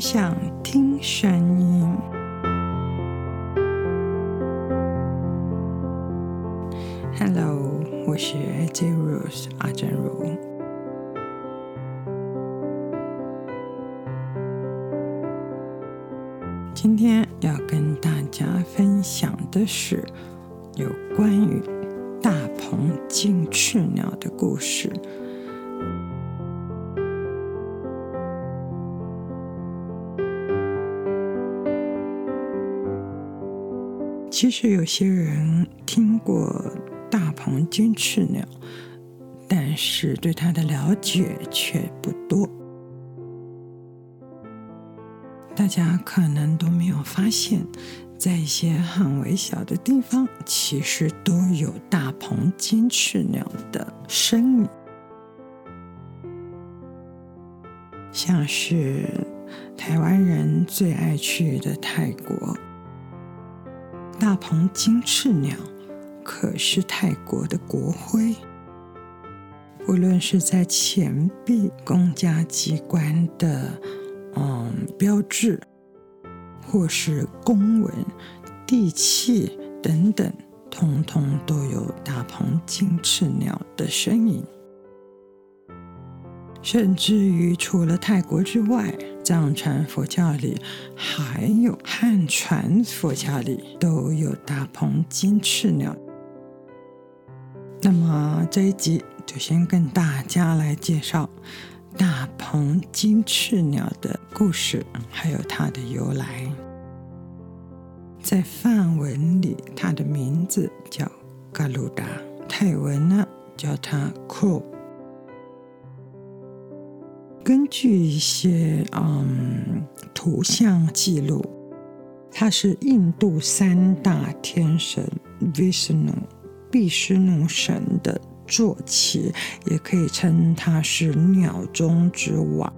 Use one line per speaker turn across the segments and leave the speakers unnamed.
想聽聲音。Hello，我是 Jules 阿真如。今天要跟大家分享的是有關於大鵬金翅鳥的故事。其實有些人聽過大鵬金翅鳥，但是對它的了解卻不多。大家可能都沒有發現，在一些很微小的地方，其實都有大鵬金翅鳥的身影。像是台灣人最愛去的泰國。大鵬金翅鳥可是泰國的國徽，無論是在錢幣、公家機關的嗯標誌，或是公文、地契等等，通通都有大鵬金翅鳥的身影。甚至於除了泰國之外，藏傳佛教裡還有漢傳佛教裡都有大鵬金翅鳥。那麼這一集就先跟大家來介紹大鵬金翅鳥的故事，還有它的由來。在梵文裡，它的名字叫 Garuda，泰文呢叫它 Kru。根據一些嗯圖像記錄，它是印度三大天神 Vishnu 毗濕奴神的坐騎，也可以稱它是鳥中之王。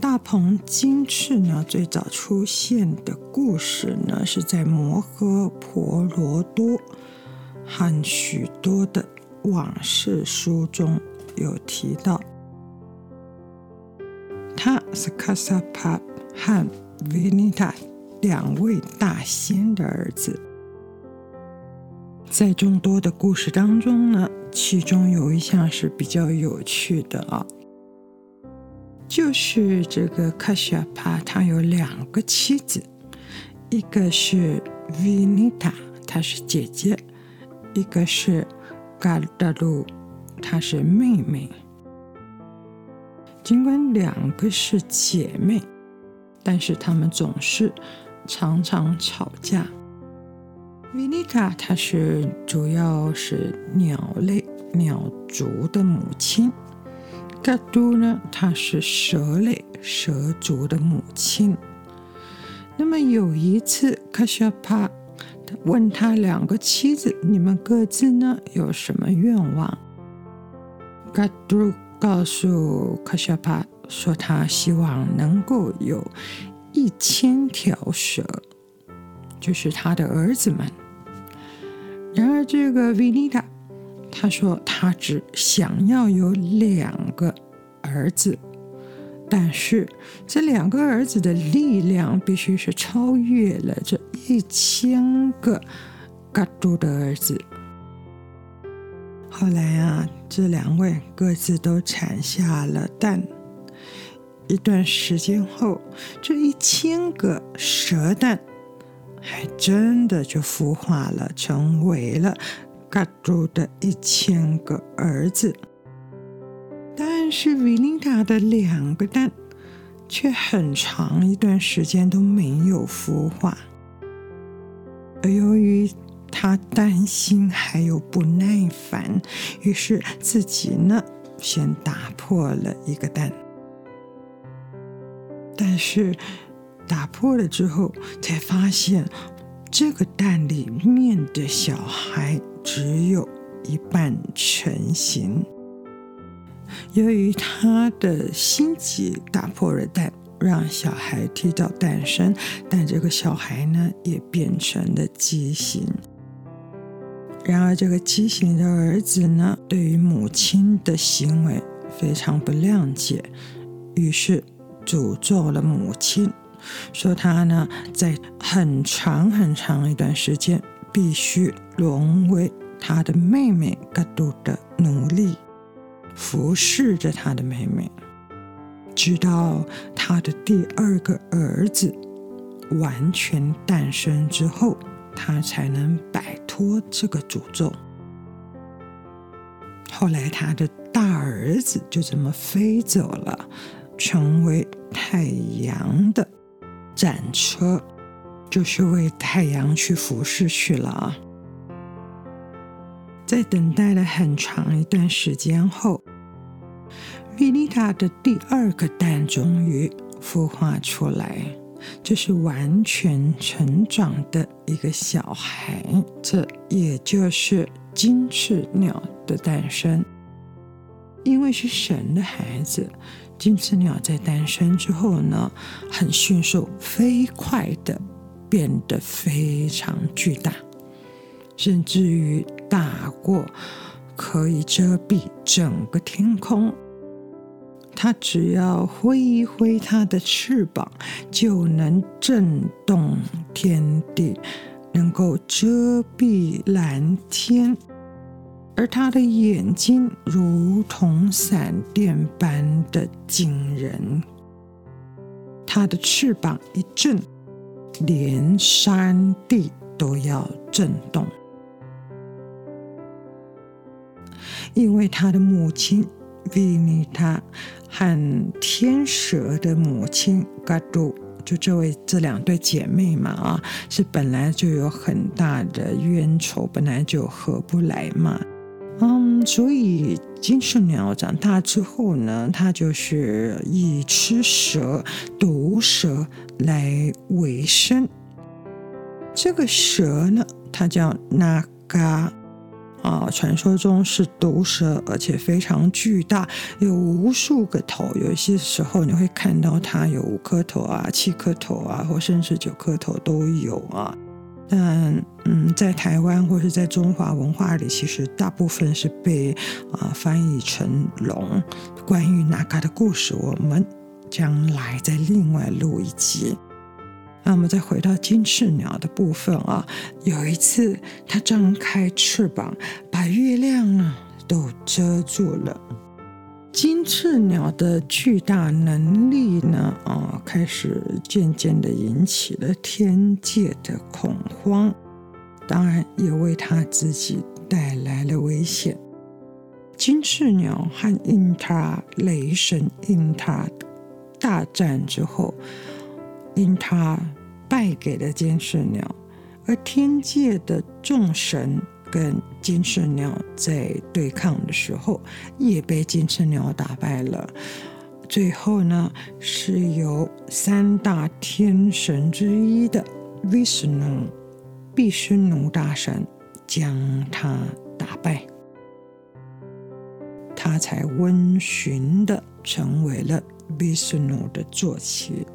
大鵬金翅呢，最早出現的故事呢，是在《摩訶婆羅多》和許多的往事書中有提到。他是卡薩帕和維尼塔兩位大仙的兒子。在眾多的故事當中呢，其中有一項是比較有趣的啊、哦，就是這個卡薩帕他有兩個妻子，一個是維尼塔，她是姐姐；一個是嘎達魯，她是妹妹。儘管兩個是姐妹，但是他們總是常常吵架。維尼卡，她是主要是鳥類鳥族的母親，嘎杜呢，她是蛇類蛇族的母親。那麼有一次，卡夏帕問他兩個妻子：“你們各自呢有什麼願望？”嘎杜。告訴卡夏巴說，他希望能夠有一千條蛇，就是他的兒子們。然而，這個維尼達他說，他只想要有兩個兒子，但是這兩個兒子的力量必須是超越了這一千個嘎多的兒子。後來啊，這兩位各自都產下了蛋。一段時間後，這一千個蛇蛋還真的就孵化了，成為了嘎都的一千個兒子。但是維琳達的兩個蛋卻很長一段時間都沒有孵化，而由於。他擔心還有不耐煩，於是自己呢，先打破了一個蛋。但是打破了之後，才發現這個蛋裡面的小孩只有一半成型。由於他的心急，打破了蛋，讓小孩提早誕生，但這個小孩呢，也變成了畸形。然而，這個畸形的兒子呢，對於母親的行為非常不諒解，於是詛咒了母親，說他呢，在很長很長一段時間，必須淪為他的妹妹格都的奴隸，服侍着他的妹妹，直到他的第二個兒子完全誕生之後。他才能擺脫這個詛咒。後來，他的大兒子就這麼飛走了，成為太陽的戰車，就是為太陽去服侍去了啊。在等待了很長一段時間後，維尼塔的第二個蛋終於孵化出來。這、就是完全成長的一個小孩，這也就是金翅鳥的誕生。因為是神的孩子，金翅鳥在誕生之後呢，很迅速、飛快地變得非常巨大，甚至於大過可以遮蔽整個天空。他只要揮一揮他的翅膀，就能震動天地，能夠遮蔽藍天。而他的眼睛如同閃電般的驚人，他的翅膀一震，連山地都要震動。因為他的母親。維尼塔和天蛇的母親嘎杜，就這位這兩對姐妹嘛，啊，是本來就有很大的冤仇，本來就合不來嘛。嗯，所以金翅鳥長大之後呢，它就是以吃蛇、毒蛇來為生。這個蛇呢，它叫那嘎。啊，傳說中是毒蛇，而且非常巨大，有無數個頭。有些時候你會看到它有五顆頭啊、七顆頭啊，或甚至九顆頭都有啊。但嗯，在台灣或是在中華文化裡，其實大部分是被啊翻譯成龍。關於納嘎的故事，我們將來再另外錄一集。那麼再回到金翅鳥的部分啊，有一次它張開翅膀，把月亮呢都遮住了。金翅鳥的巨大能力呢，啊，開始漸漸地引起了天界的恐慌，當然也為他自己帶來了危險。金翅鳥和因他雷神因他大戰之後。因他敗給了金翅鳥，而天界的眾神跟金翅鳥在對抗的時候也被金翅鳥打敗了。最後呢，是由三大天神之一的 Visnu，毗濕奴大神將他打敗，他才溫馴的成為了 v i s n 的坐騎。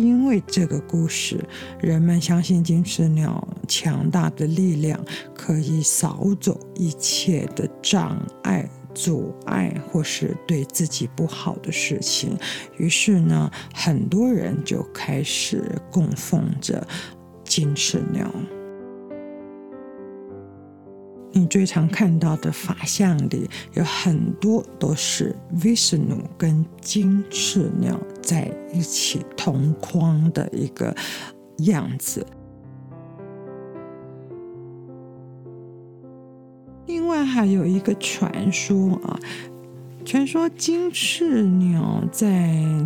因為這個故事，人們相信金翅鳥強大的力量可以掃走一切的障礙、阻礙或是對自己不好的事情。於是呢，很多人就開始供奉着金翅鳥。你最常看到的法像裡有很多都是維什努跟金翅鳥在一起同框的一個樣子。另外還有一個傳說啊，傳說金翅鳥在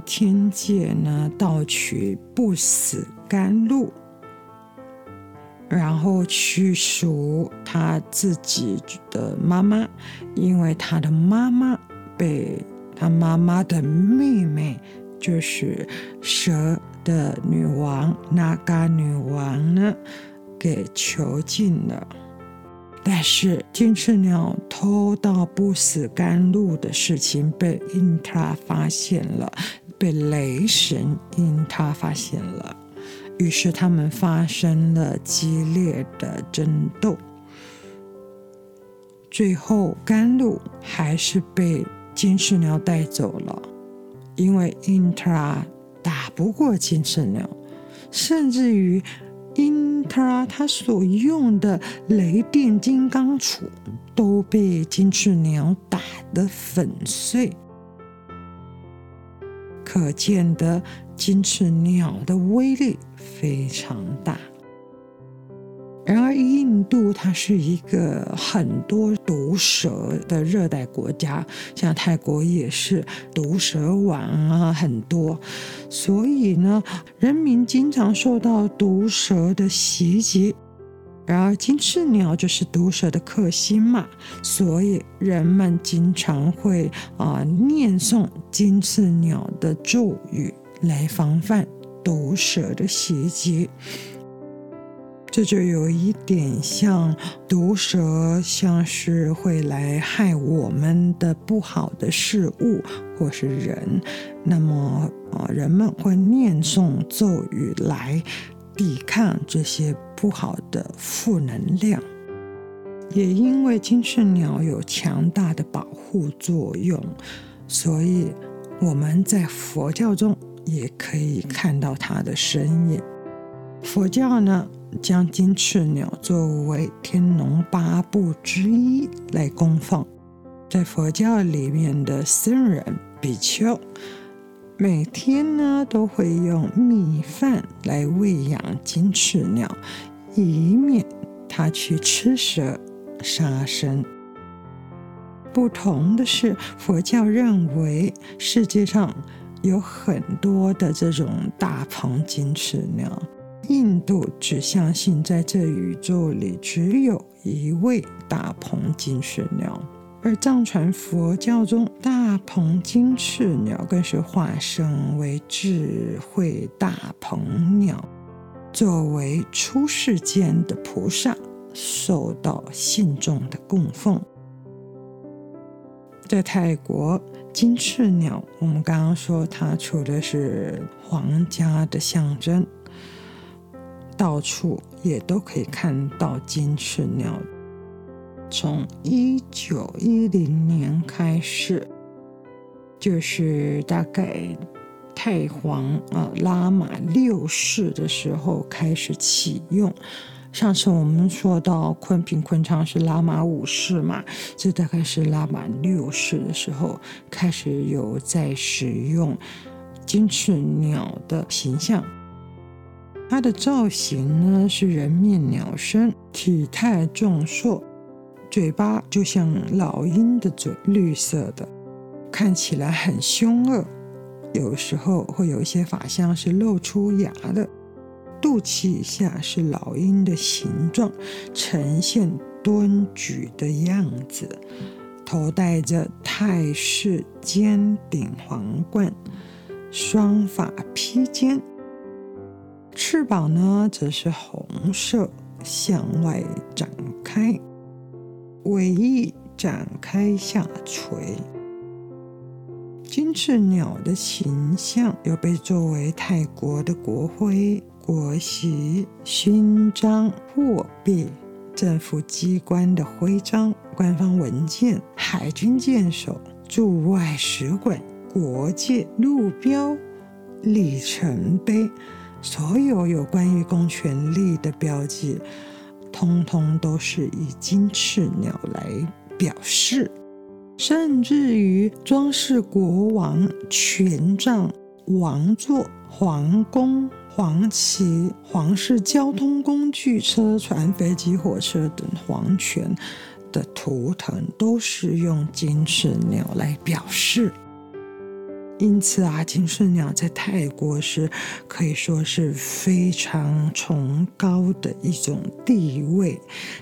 天界呢，盜取不死甘露。然後去贖他自己的媽媽，因為他的媽媽被他媽媽的妹妹，就是蛇的女王，那嘎女王呢，給囚禁了。但是金翅鳥偷盜不死甘露的事情被因他發現了，被雷神因他發現了。於是他們發生了激烈的爭鬥，最後甘露還是被金翅鳥帶走了，因為 Intra 打不過金翅鳥，甚至於 Intra 他所用的雷電金剛杵都被金翅鳥打得粉碎。可見得金翅鳥的威力非常大。然而，印度它是一個很多毒蛇的熱帶國家，像泰國也是毒蛇王啊，很多，所以呢，人民經常受到毒蛇的襲擊。然而，金翅鳥就是毒蛇的克星嘛，所以人們經常會啊、呃、念誦金翅鳥的咒語來防範毒蛇的襲擊。這就有一點像毒蛇，像是會來害我們的不好的事物或是人。那麼啊、呃，人們會念誦咒語來。抵抗這些不好的負能量，也因為金翅鳥有強大的保護作用，所以我們在佛教中也可以看到它的身影。佛教呢，將金翅鳥作為天龍八部之一來供奉，在佛教裡面的僧人比丘。每天呢，都會用米飯來餵養金翅鳥，以免它去吃蛇、殺生。不同的是，佛教認為世界上有很多的這種大鵬金翅鳥，印度只相信在這宇宙裡只有一位大鵬金翅鳥，而藏傳佛教中大。大鵬金翅鳥更是化身為智慧大鵬鳥，作為出世間的菩薩，受到信眾的供奉。在泰國，金翅鳥我們剛剛說它出的是皇家的象徵，到處也都可以看到金翅鳥。從一九一零年開始。就是大概太皇啊，拉瑪六世的時候開始啟用。上次我們說到坤平坤昌是拉瑪五世嘛，這大概是拉瑪六世的時候開始有在使用金翅鳥的形象。它的造型呢，是人面鳥身，體態壯碩，嘴巴就像老鷹的嘴，綠色的。看起來很兇惡，有時候會有一些法像是露出牙的。肚臍下是老鷹的形狀，呈現蹲舉的樣子。頭戴着泰式尖頂皇冠，雙髮披肩。翅膀呢則是紅色，向外展開，尾翼展開下垂。金翅鳥的形象又被作為泰國的國徽、國璽、勳章、貨幣、政府機關的徽章、官方文件、海軍艦首、駐外使館、國界路標、里程碑，所有有關於公權力的標記，通通都是以金翅鳥來表示。甚至於裝飾國王權杖、王座、皇宮、皇旗、皇室交通工具（車、船、飛機、火車）等皇權的圖騰，都是用金翅鳥來表示。因此啊，金翅鳥在泰國是可以說是非常崇高的一種地位，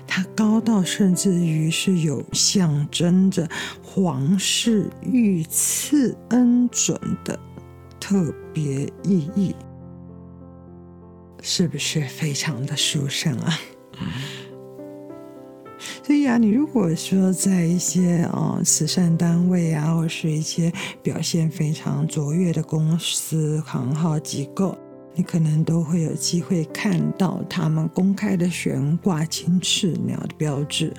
它高到甚至於是有象徵着皇室御賜恩准的特別意義，是不是非常的殊勝啊？嗯那你如果說在一些啊、哦、慈善單位啊，或是一些表現非常卓越的公司、行號、機構，你可能都會有機會看到他們公開的懸掛金翅鳥的標誌，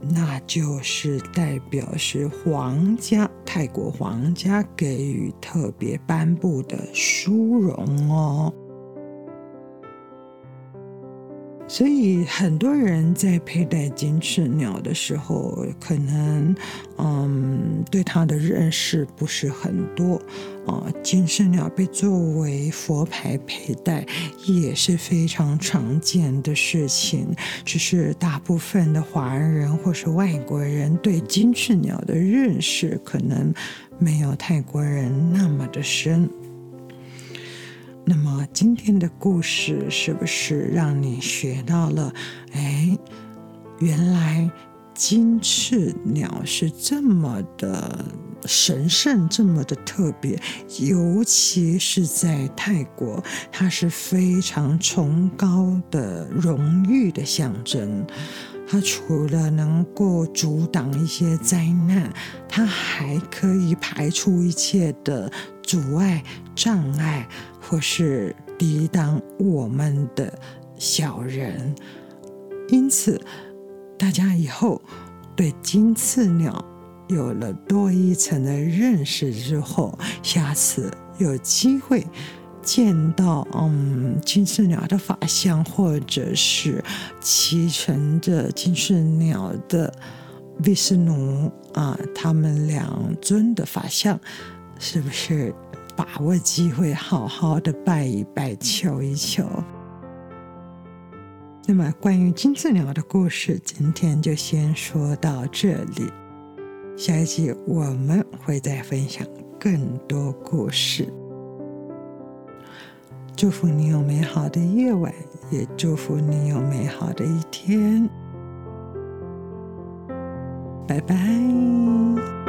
那就是代表是皇家，泰國皇家給予特別頒布的殊榮哦。所以很多人在佩戴金翅鳥的時候，可能，嗯，對它的認識不是很多。啊、呃，金翅鳥被作為佛牌佩戴也是非常常見的事情，只是大部分的華人或是外國人對金翅鳥的認識可能沒有泰國人那麼的深。那麼今天的故事是不是讓你學到了？哎，原來金翅鳥是這麼的神聖，這麼的特別。尤其是在泰國，它是非常崇高的榮譽的象徵。它除了能夠阻擋一些災難，它還可以排除一切的阻礙。障礙，或是抵擋我們的小人。因此大家以後對金翅鳥有了多一層的認識之後，下次有機會見到嗯金翅鳥的法相，或者是騎乘着金翅鳥的威斯奴啊，他們兩尊的法相，是不是？把握機會，好好的拜一拜，求一求。那麼，關於金翅鳥的故事，今天就先說到這裡。下一集我們會再分享更多故事。祝福你有美好的夜晚，也祝福你有美好的一天。拜拜。